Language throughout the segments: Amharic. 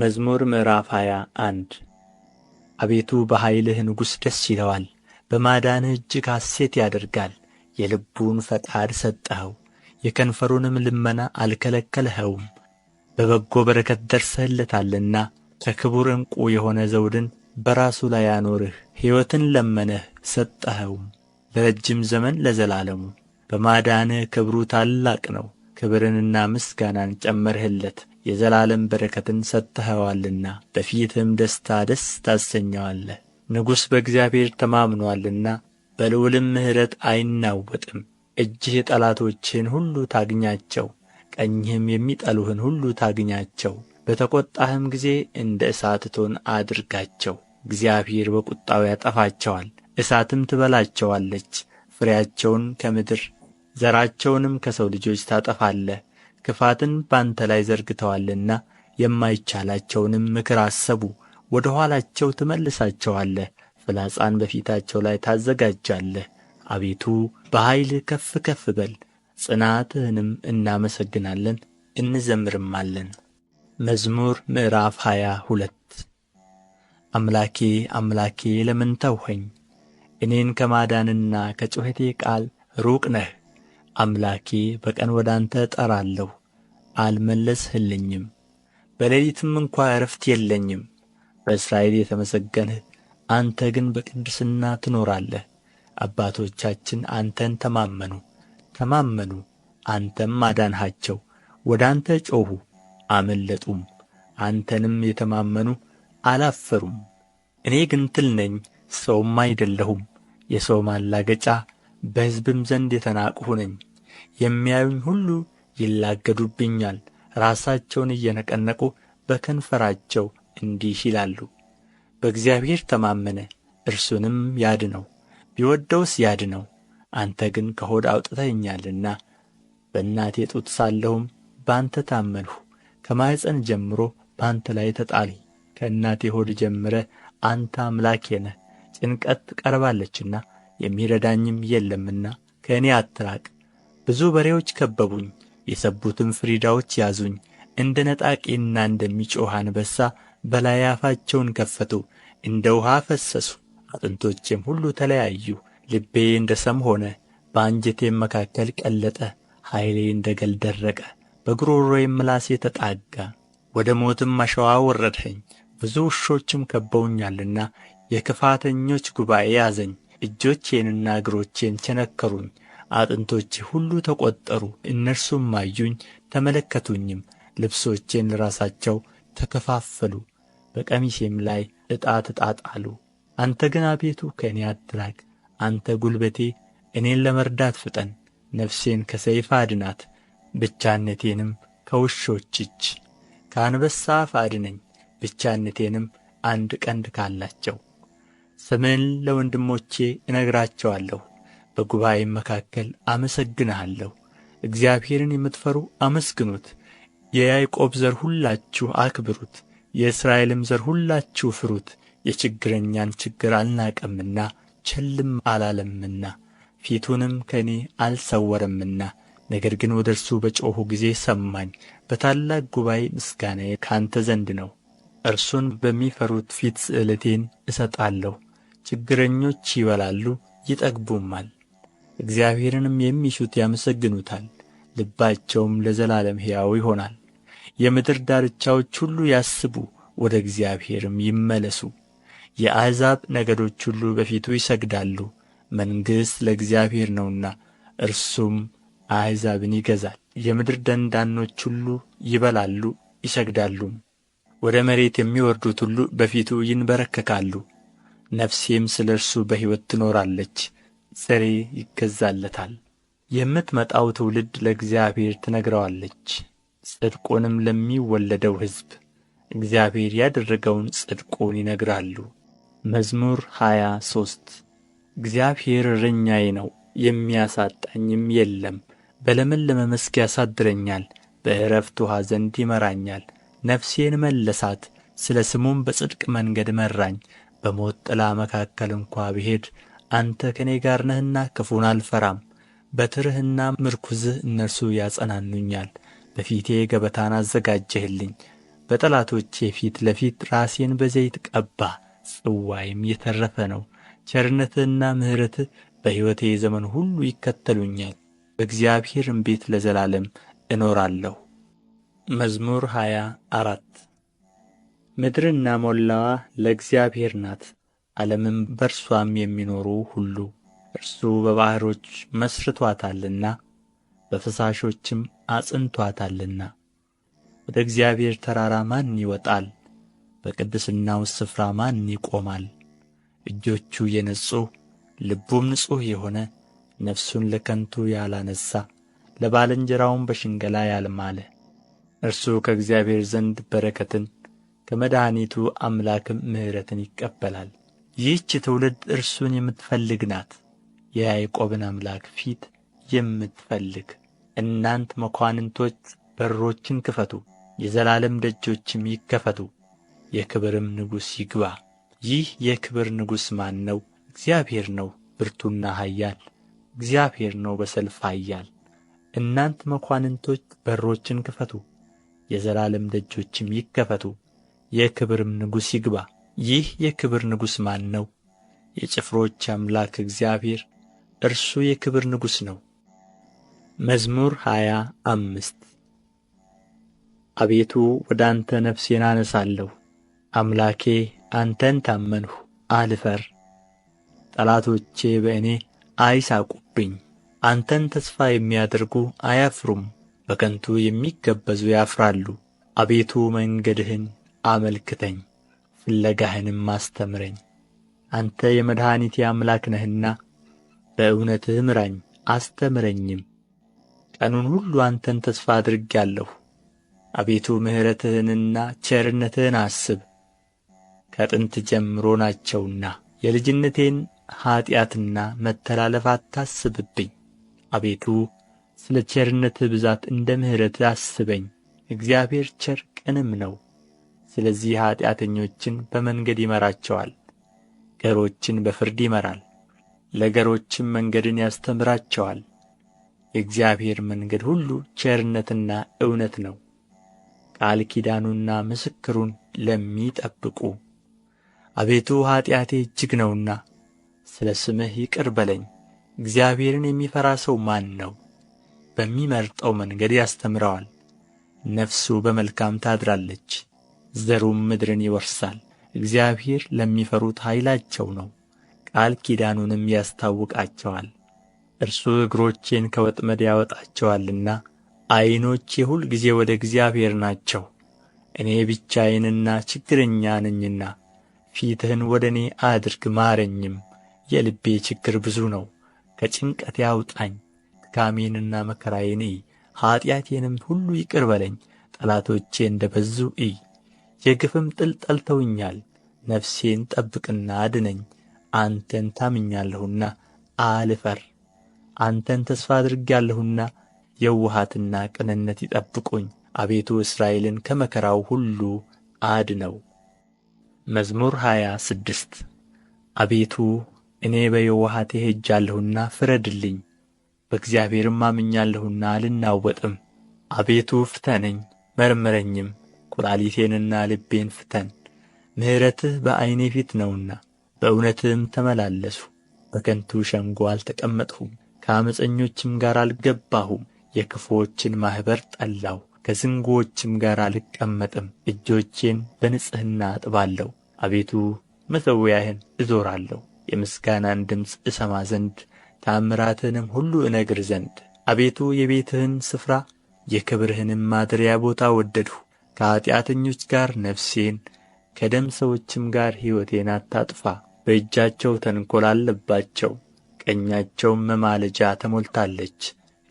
መዝሙር ምዕራፍ ሃያ አንድ አቤቱ በኃይልህ ንጉሥ ደስ ይለዋል፣ በማዳንህ እጅግ ሐሴት ያደርጋል። የልቡን ፈቃድ ሰጠኸው፣ የከንፈሩንም ልመና አልከለከልኸውም። በበጎ በረከት ደርሰህለታልና ከክቡር ዕንቁ የሆነ ዘውድን በራሱ ላይ አኖርህ። ሕይወትን ለመነህ ሰጠኸውም፣ ለረጅም ዘመን ለዘላለሙ። በማዳንህ ክብሩ ታላቅ ነው፣ ክብርንና ምስጋናን ጨመርህለት። የዘላለም በረከትን ሰጥተኸዋልና በፊትህም ደስታ ደስ ታሰኘዋለህ። ንጉሥ በእግዚአብሔር ተማምኖአልና በልዑልም ምሕረት አይናወጥም። እጅህ ጠላቶችህን ሁሉ ታግኛቸው፣ ቀኝህም የሚጠሉህን ሁሉ ታግኛቸው። በተቈጣህም ጊዜ እንደ እሳት እቶን አድርጋቸው። እግዚአብሔር በቁጣው ያጠፋቸዋል፣ እሳትም ትበላቸዋለች። ፍሬያቸውን ከምድር ዘራቸውንም ከሰው ልጆች ታጠፋለህ። ክፋትን በአንተ ላይ ዘርግተዋልና የማይቻላቸውንም ምክር አሰቡ ወደ ኋላቸው ትመልሳቸዋለህ ፍላጻን በፊታቸው ላይ ታዘጋጃለህ አቤቱ በኃይልህ ከፍ ከፍ በል ጽናትህንም እናመሰግናለን እንዘምርማለን መዝሙር ምዕራፍ ሃያ ሁለት አምላኬ አምላኬ ለምን ተውኸኝ እኔን ከማዳንና ከጩኸቴ ቃል ሩቅ ነህ አምላኬ በቀን ወደ አንተ እጠራለሁ አልመለስህልኝም በሌሊትም እንኳ ዕረፍት የለኝም በእስራኤል የተመሰገንህ አንተ ግን በቅድስና ትኖራለህ አባቶቻችን አንተን ተማመኑ ተማመኑ አንተም አዳንሃቸው ወደ አንተ ጮኹ አመለጡም አንተንም የተማመኑ አላፈሩም እኔ ግን ትል ነኝ ሰውም አይደለሁም የሰው ማላገጫ በሕዝብም ዘንድ የተናቅሁ ነኝ የሚያዩኝ ሁሉ ይላገዱብኛል። ራሳቸውን እየነቀነቁ በከንፈራቸው እንዲህ ይላሉ። በእግዚአብሔር ተማመነ እርሱንም ያድነው፣ ቢወደውስ ያድነው። አንተ ግን ከሆድ አውጥተኸኛልና በእናቴ ጡት ሳለሁም በአንተ ታመንሁ። ከማኅፀን ጀምሮ በአንተ ላይ ተጣልሁ። ከእናቴ ሆድ ጀምረ አንተ አምላኬ ነህ። ጭንቀት ቀርባለችና የሚረዳኝም የለምና ከእኔ አትራቅ። ብዙ በሬዎች ከበቡኝ፣ የሰቡትም ፍሪዳዎች ያዙኝ እንደ ነጣቂና እንደሚጮህ አንበሳ በላይ አፋቸውን ከፈቱ እንደ ውሃ ፈሰሱ አጥንቶቼም ሁሉ ተለያዩ ልቤ እንደ ሰም ሆነ በአንጀቴም መካከል ቀለጠ ኃይሌ እንደ ገል ደረቀ በጉሮሮዬም ምላሴ ተጣጋ ወደ ሞትም አሸዋ ወረድኸኝ፣ ብዙ ውሾችም ከበውኛልና የክፋተኞች ጉባኤ ያዘኝ እጆቼንና እግሮቼን ቸነከሩኝ አጥንቶቼ ሁሉ ተቆጠሩ እነርሱም አዩኝ ተመለከቱኝም ልብሶቼን ለራሳቸው ተከፋፈሉ በቀሚሴም ላይ ዕጣ ተጣጣሉ አንተ ግን አቤቱ ከእኔ አትራቅ አንተ ጉልበቴ እኔን ለመርዳት ፍጠን ነፍሴን ከሰይፍ አድናት ብቻነቴንም ከውሾች እጅ ከአንበሳ አፍ አድነኝ ብቻነቴንም አንድ ቀንድ ካላቸው ስምህን ለወንድሞቼ እነግራቸዋለሁ በጉባኤም መካከል አመሰግንሃለሁ። እግዚአብሔርን የምትፈሩ አመስግኑት። የያዕቆብ ዘር ሁላችሁ አክብሩት፣ የእስራኤልም ዘር ሁላችሁ ፍሩት። የችግረኛን ችግር አልናቀምና ቸልም አላለምና ፊቱንም ከእኔ አልሰወረምና ነገር ግን ወደ እርሱ በጮኹ ጊዜ ሰማኝ። በታላቅ ጉባኤ ምስጋናዬ ካንተ ዘንድ ነው። እርሱን በሚፈሩት ፊት ስእለቴን እሰጣለሁ። ችግረኞች ይበላሉ ይጠግቡማል፣ እግዚአብሔርንም የሚሹት ያመሰግኑታል፣ ልባቸውም ለዘላለም ሕያው ይሆናል። የምድር ዳርቻዎች ሁሉ ያስቡ፣ ወደ እግዚአብሔርም ይመለሱ። የአሕዛብ ነገዶች ሁሉ በፊቱ ይሰግዳሉ። መንግሥት ለእግዚአብሔር ነውና እርሱም አሕዛብን ይገዛል። የምድር ደንዳኖች ሁሉ ይበላሉ ይሰግዳሉም። ወደ መሬት የሚወርዱት ሁሉ በፊቱ ይንበረከካሉ። ነፍሴም ስለ እርሱ በሕይወት ትኖራለች። ዘሬ ይገዛለታል የምትመጣው ትውልድ ለእግዚአብሔር ትነግረዋለች ጽድቁንም ለሚወለደው ሕዝብ እግዚአብሔር ያደረገውን ጽድቁን ይነግራሉ መዝሙር 23 እግዚአብሔር እረኛዬ ነው የሚያሳጣኝም የለም በለመለመ መስክ ያሳድረኛል በእረፍት ውኃ ዘንድ ይመራኛል ነፍሴን መለሳት ስለ ስሙም በጽድቅ መንገድ መራኝ በሞት ጥላ መካከል እንኳ ብሄድ አንተ ከእኔ ጋር ነህና ክፉን አልፈራም በትርህና ምርኩዝህ እነርሱ ያጸናኑኛል በፊቴ ገበታን አዘጋጀህልኝ በጠላቶቼ ፊት ለፊት ራሴን በዘይት ቀባ ጽዋይም የተረፈ ነው ቸርነትህና ምሕረትህ በሕይወቴ ዘመን ሁሉ ይከተሉኛል በእግዚአብሔርም ቤት ለዘላለም እኖራለሁ መዝሙር ሃያ አራት ምድርና ሞላዋ ለእግዚአብሔር ናት ዓለምም በእርሷም የሚኖሩ ሁሉ እርሱ በባሕሮች መሥርቶአታልና በፈሳሾችም አጽንቷታልና። ወደ እግዚአብሔር ተራራ ማን ይወጣል? በቅድስናው ስፍራ ማን ይቆማል? እጆቹ የነጹ ልቡም ንጹሕ የሆነ ነፍሱን ለከንቱ ያላነሣ ለባልንጀራውም በሽንገላ ያልማለ እርሱ ከእግዚአብሔር ዘንድ በረከትን ከመድኃኒቱ አምላክም ምሕረትን ይቀበላል። ይህች ትውልድ እርሱን የምትፈልግ ናት የያዕቆብን አምላክ ፊት የምትፈልግ እናንት መኳንንቶች በሮችን ክፈቱ የዘላለም ደጆችም ይከፈቱ የክብርም ንጉሥ ይግባ ይህ የክብር ንጉሥ ማን ነው እግዚአብሔር ነው ብርቱና ኃያል እግዚአብሔር ነው በሰልፍ ኃያል እናንት መኳንንቶች በሮችን ክፈቱ የዘላለም ደጆችም ይከፈቱ የክብርም ንጉሥ ይግባ ይህ የክብር ንጉሥ ማን ነው? የጭፍሮች አምላክ እግዚአብሔር እርሱ የክብር ንጉሥ ነው። መዝሙር ሃያ አምስት አቤቱ ወደ አንተ ነፍሴን አነሳለሁ። አምላኬ አንተን ታመንሁ፣ አልፈር። ጠላቶቼ በእኔ አይሳቁብኝ። አንተን ተስፋ የሚያደርጉ አያፍሩም፣ በከንቱ የሚገበዙ ያፍራሉ። አቤቱ መንገድህን አመልክተኝ። ፍለጋህንም አስተምረኝ አንተ የመድኃኒቴ አምላክ ነህና በእውነትህ ምራኝ አስተምረኝም ቀኑን ሁሉ አንተን ተስፋ አድርጌአለሁ አቤቱ ምሕረትህንና ቸርነትህን አስብ ከጥንት ጀምሮ ናቸውና የልጅነቴን ኀጢአትና መተላለፍ አታስብብኝ አቤቱ ስለ ቸርነትህ ብዛት እንደ ምሕረትህ አስበኝ እግዚአብሔር ቸር ቅንም ነው ስለዚህ ኃጢአተኞችን በመንገድ ይመራቸዋል፣ ገሮችን በፍርድ ይመራል፣ ለገሮችም መንገድን ያስተምራቸዋል። የእግዚአብሔር መንገድ ሁሉ ቸርነትና እውነት ነው። ቃል ኪዳኑና ምስክሩን ለሚጠብቁ አቤቱ ኃጢአቴ እጅግ ነውና ስለ ስምህ ይቅር በለኝ። እግዚአብሔርን የሚፈራ ሰው ማን ነው? በሚመርጠው መንገድ ያስተምረዋል። ነፍሱ በመልካም ታድራለች። ዘሩም ምድርን ይወርሳል እግዚአብሔር ለሚፈሩት ኃይላቸው ነው ቃል ኪዳኑንም ያስታውቃቸዋል እርሱ እግሮቼን ከወጥመድ ያወጣቸዋልና ዓይኖቼ ሁልጊዜ ወደ እግዚአብሔር ናቸው እኔ ብቻዬንና ችግረኛ ነኝና ፊትህን ወደ እኔ አድርግ ማረኝም የልቤ ችግር ብዙ ነው ከጭንቀቴ አውጣኝ ድካሜንና መከራዬን እይ ኀጢአቴንም ሁሉ ይቅር በለኝ ጠላቶቼ እንደ በዙ እይ የግፍም ጥል ጠልተውኛል ነፍሴን ጠብቅና አድነኝ አንተን ታምኛለሁና አልፈር አንተን ተስፋ አድርጌአለሁና የውሃትና ቅንነት ይጠብቁኝ አቤቱ እስራኤልን ከመከራው ሁሉ አድነው መዝሙር ሃያ ስድስት አቤቱ እኔ በየውሃቴ ሄጃለሁና ፍረድልኝ በእግዚአብሔርም አምኛለሁና አልናወጥም አቤቱ ፍተነኝ መርምረኝም ቁላሊቴንና ልቤን ፍተን ምሕረትህ በዐይኔ ፊት ነውና በእውነትህም ተመላለሱ በከንቱ ሸንጎ አልተቀመጥሁም ከአመፀኞችም ጋር አልገባሁም የክፉዎችን ማኅበር ጠላሁ ከዝንጉዎችም ጋር አልቀመጥም እጆቼን በንጽሕና አጥባለሁ አቤቱ መሠዊያህን እዞራለሁ የምስጋናን ድምፅ እሰማ ዘንድ ተአምራትህንም ሁሉ እነግር ዘንድ አቤቱ የቤትህን ስፍራ የክብርህንም ማደሪያ ቦታ ወደድሁ ከኃጢአተኞች ጋር ነፍሴን ከደም ሰዎችም ጋር ሕይወቴን አታጥፋ። በእጃቸው ተንኰል አለባቸው፣ ቀኛቸውም መማለጃ ተሞልታለች።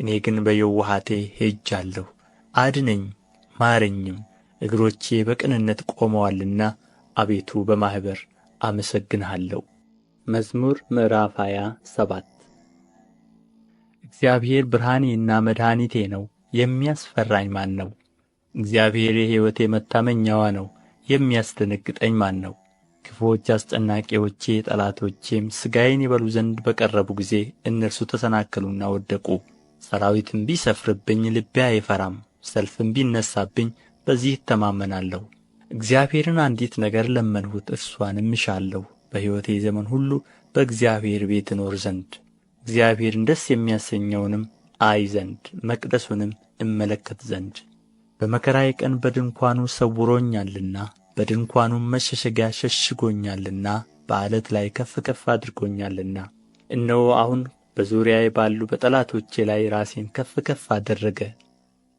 እኔ ግን በየውሃቴ ሄጃለሁ፣ አድነኝ ማረኝም። እግሮቼ በቅንነት ቆመዋልና አቤቱ በማኅበር አመሰግንሃለሁ። መዝሙር ምዕራፍ ሃያ ሰባት እግዚአብሔር ብርሃኔና መድኃኒቴ ነው፣ የሚያስፈራኝ ማን ነው? እግዚአብሔር የሕይወቴ መታመኛዋ ነው፤ የሚያስደነግጠኝ ማን ነው? ክፉዎች አስጨናቂዎቼ፣ ጠላቶቼም ሥጋዬን ይበሉ ዘንድ በቀረቡ ጊዜ እነርሱ ተሰናከሉና ወደቁ። ሰራዊትም ቢሰፍርብኝ ልቤ አይፈራም፣ ሰልፍም ቢነሳብኝ በዚህ እተማመናለሁ። እግዚአብሔርን አንዲት ነገር ለመንሁት፣ እርሷንም እሻለሁ፣ በሕይወቴ ዘመን ሁሉ በእግዚአብሔር ቤት እኖር ዘንድ እግዚአብሔርን ደስ የሚያሰኘውንም አይ ዘንድ መቅደሱንም እመለከት ዘንድ በመከራዬ ቀን በድንኳኑ ሰውሮኛልና በድንኳኑም መሸሸጊያ ሸሽጎኛልና በዓለት ላይ ከፍ ከፍ አድርጎኛልና እነሆ አሁን በዙሪያዬ ባሉ በጠላቶቼ ላይ ራሴን ከፍ ከፍ አደረገ።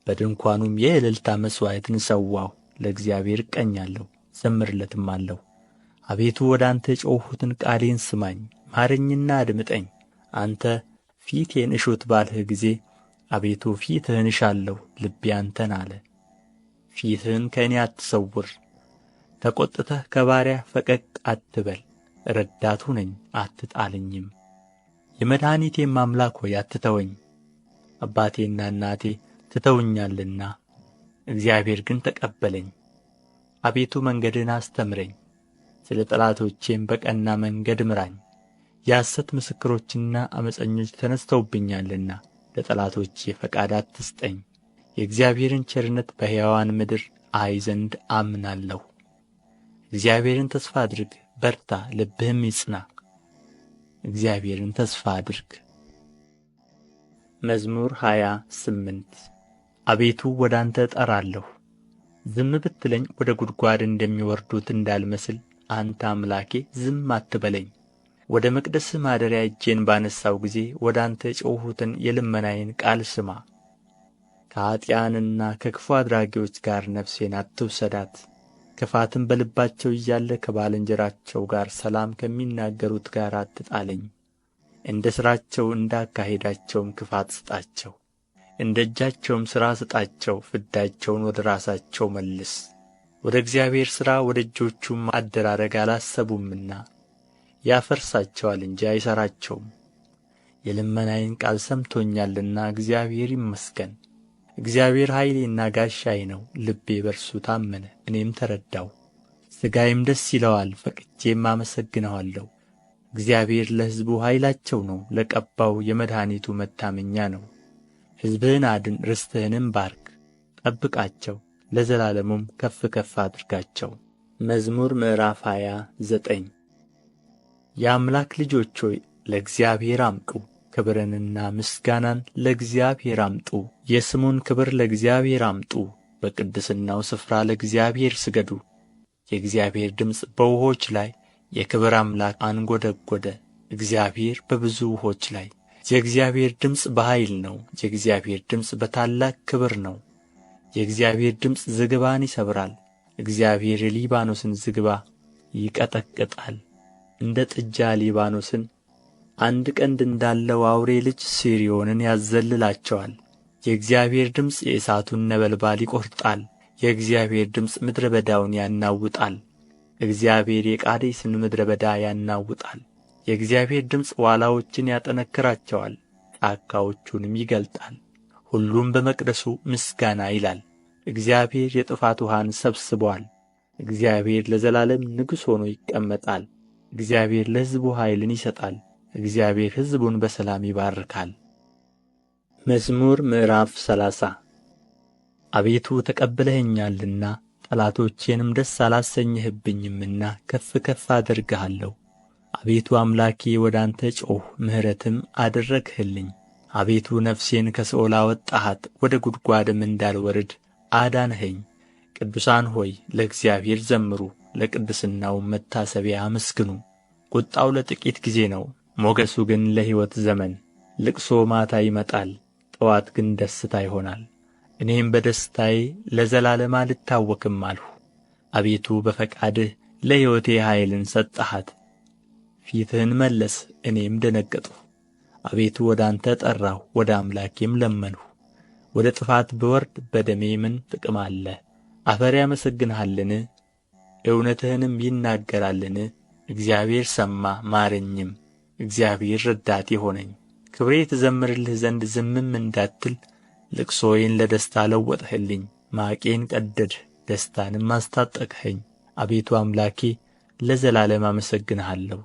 በድንኳኑም የእልልታ መሥዋዕትን ሰዋሁ። ለእግዚአብሔር እቀኛለሁ ዘምርለትም አለሁ። አቤቱ ወደ አንተ የጮኽሁትን ቃሌን ስማኝ፣ ማረኝና አድምጠኝ። አንተ ፊቴን እሹት ባልህ ጊዜ አቤቱ ፊትህን እሻለሁ፣ ልቤ አንተን አለ። ፊትህን ከእኔ አትሰውር። ተቈጥተህ ከባሪያህ ፈቀቅ አትበል፣ ረዳቱ ነኝ አትጣለኝም። የመድኃኒቴም አምላክ ሆይ አትተወኝ፣ አባቴና እናቴ ትተውኛልና እግዚአብሔር ግን ተቀበለኝ። አቤቱ መንገድን አስተምረኝ፣ ስለ ጠላቶቼም በቀና መንገድ ምራኝ። የሐሰት ምስክሮችና ዓመፀኞች ተነሥተውብኛልና ለጠላቶቼ ፈቃድ አትስጠኝ። የእግዚአብሔርን ቸርነት በሕያዋን ምድር አይ ዘንድ አምናለሁ። እግዚአብሔርን ተስፋ አድርግ፣ በርታ፣ ልብህም ይጽና። እግዚአብሔርን ተስፋ አድርግ። መዝሙር ሃያ ስምንት አቤቱ ወደ አንተ እጠራለሁ። ዝም ብትለኝ ወደ ጉድጓድ እንደሚወርዱት እንዳልመስል አንተ አምላኬ ዝም አትበለኝ። ወደ መቅደስህ ማደሪያ እጄን ባነሳው ጊዜ ወደ አንተ የጮኽሁትን የልመናዬን ቃል ስማ። ከኃጥኣንና ከክፉ አድራጊዎች ጋር ነፍሴን አትውሰዳት። ክፋትም በልባቸው እያለ ከባልንጀራቸው ጋር ሰላም ከሚናገሩት ጋር አትጣለኝ። እንደ ሥራቸው እንዳካሄዳቸውም ክፋት ስጣቸው፣ እንደ እጃቸውም ሥራ ስጣቸው። ፍዳቸውን ወደ ራሳቸው መልስ። ወደ እግዚአብሔር ሥራ ወደ እጆቹም አደራረግ አላሰቡምና ያፈርሳቸዋል እንጂ አይሠራቸውም። የልመናዬን ቃል ሰምቶኛልና እግዚአብሔር ይመስገን። እግዚአብሔር ኃይሌና ጋሻዬ ነው ልቤ በእርሱ ታመነ እኔም ተረዳሁ ሥጋዬም ደስ ይለዋል ፈቅጄም አመሰግነዋለሁ እግዚአብሔር ለሕዝቡ ኃይላቸው ነው ለቀባው የመድኃኒቱ መታመኛ ነው ሕዝብህን አድን ርስትህንም ባርክ ጠብቃቸው ለዘላለሙም ከፍ ከፍ አድርጋቸው መዝሙር ምዕራፍ ሃያ ዘጠኝ የአምላክ ልጆች ሆይ ለእግዚአብሔር አምጡ ክብርንና ምስጋናን ለእግዚአብሔር አምጡ የስሙን ክብር ለእግዚአብሔር አምጡ በቅድስናው ስፍራ ለእግዚአብሔር ስገዱ የእግዚአብሔር ድምፅ በውሆች ላይ የክብር አምላክ አንጐደጐደ እግዚአብሔር በብዙ ውሆች ላይ የእግዚአብሔር ድምፅ በኃይል ነው የእግዚአብሔር ድምፅ በታላቅ ክብር ነው የእግዚአብሔር ድምፅ ዝግባን ይሰብራል እግዚአብሔር የሊባኖስን ዝግባ ይቀጠቅጣል እንደ ጥጃ ሊባኖስን አንድ ቀንድ እንዳለው አውሬ ልጅ ሲሪዮንን ያዘልላቸዋል የእግዚአብሔር ድምፅ የእሳቱን ነበልባል ይቈርጣል የእግዚአብሔር ድምፅ ምድረ በዳውን ያናውጣል እግዚአብሔር የቃዴስን ምድረ በዳ ያናውጣል የእግዚአብሔር ድምፅ ዋላዎችን ያጠነክራቸዋል ጫካዎቹንም ይገልጣል ሁሉም በመቅደሱ ምስጋና ይላል እግዚአብሔር የጥፋት ውሃን ሰብስቦአል እግዚአብሔር ለዘላለም ንጉሥ ሆኖ ይቀመጣል እግዚአብሔር ለሕዝቡ ኃይልን ይሰጣል እግዚአብሔር ሕዝቡን በሰላም ይባርካል። መዝሙር ምዕራፍ ሰላሳ አቤቱ ተቀብለኸኛልና ጠላቶቼንም ደስ አላሰኘህብኝምና ከፍ ከፍ አደርግሃለሁ። አቤቱ አምላኬ ወደ አንተ ጮኽ፣ ምሕረትም አደረግህልኝ። አቤቱ ነፍሴን ከሲኦል አወጣሃት፣ ወደ ጉድጓድም እንዳልወርድ አዳንኸኝ። ቅዱሳን ሆይ ለእግዚአብሔር ዘምሩ፣ ለቅድስናውም መታሰቢያ አመስግኑ። ቁጣው ለጥቂት ጊዜ ነው፣ ሞገሱ ግን ለሕይወት ዘመን ልቅሶ ማታ ይመጣል ጠዋት ግን ደስታ ይሆናል እኔም በደስታዬ ለዘላለም አልታወክም አልሁ አቤቱ በፈቃድህ ለሕይወቴ ኃይልን ሰጠሃት ፊትህን መለስ እኔም ደነገጥሁ አቤቱ ወደ አንተ ጠራሁ ወደ አምላኬም ለመንሁ ወደ ጥፋት ብወርድ በደሜ ምን ጥቅም አለ አፈር ያመሰግንሃልን እውነትህንም ይናገራልን እግዚአብሔር ሰማ ማረኝም እግዚአብሔር ረዳቴ ሆነኝ። ክብሬ ትዘምርልህ ዘንድ ዝምም እንዳትል ልቅሶዬን ለደስታ ለወጥህልኝ። ማቄን ቀደድህ፣ ደስታንም አስታጠቅኸኝ። አቤቱ አምላኬ ለዘላለም አመሰግንሃለሁ።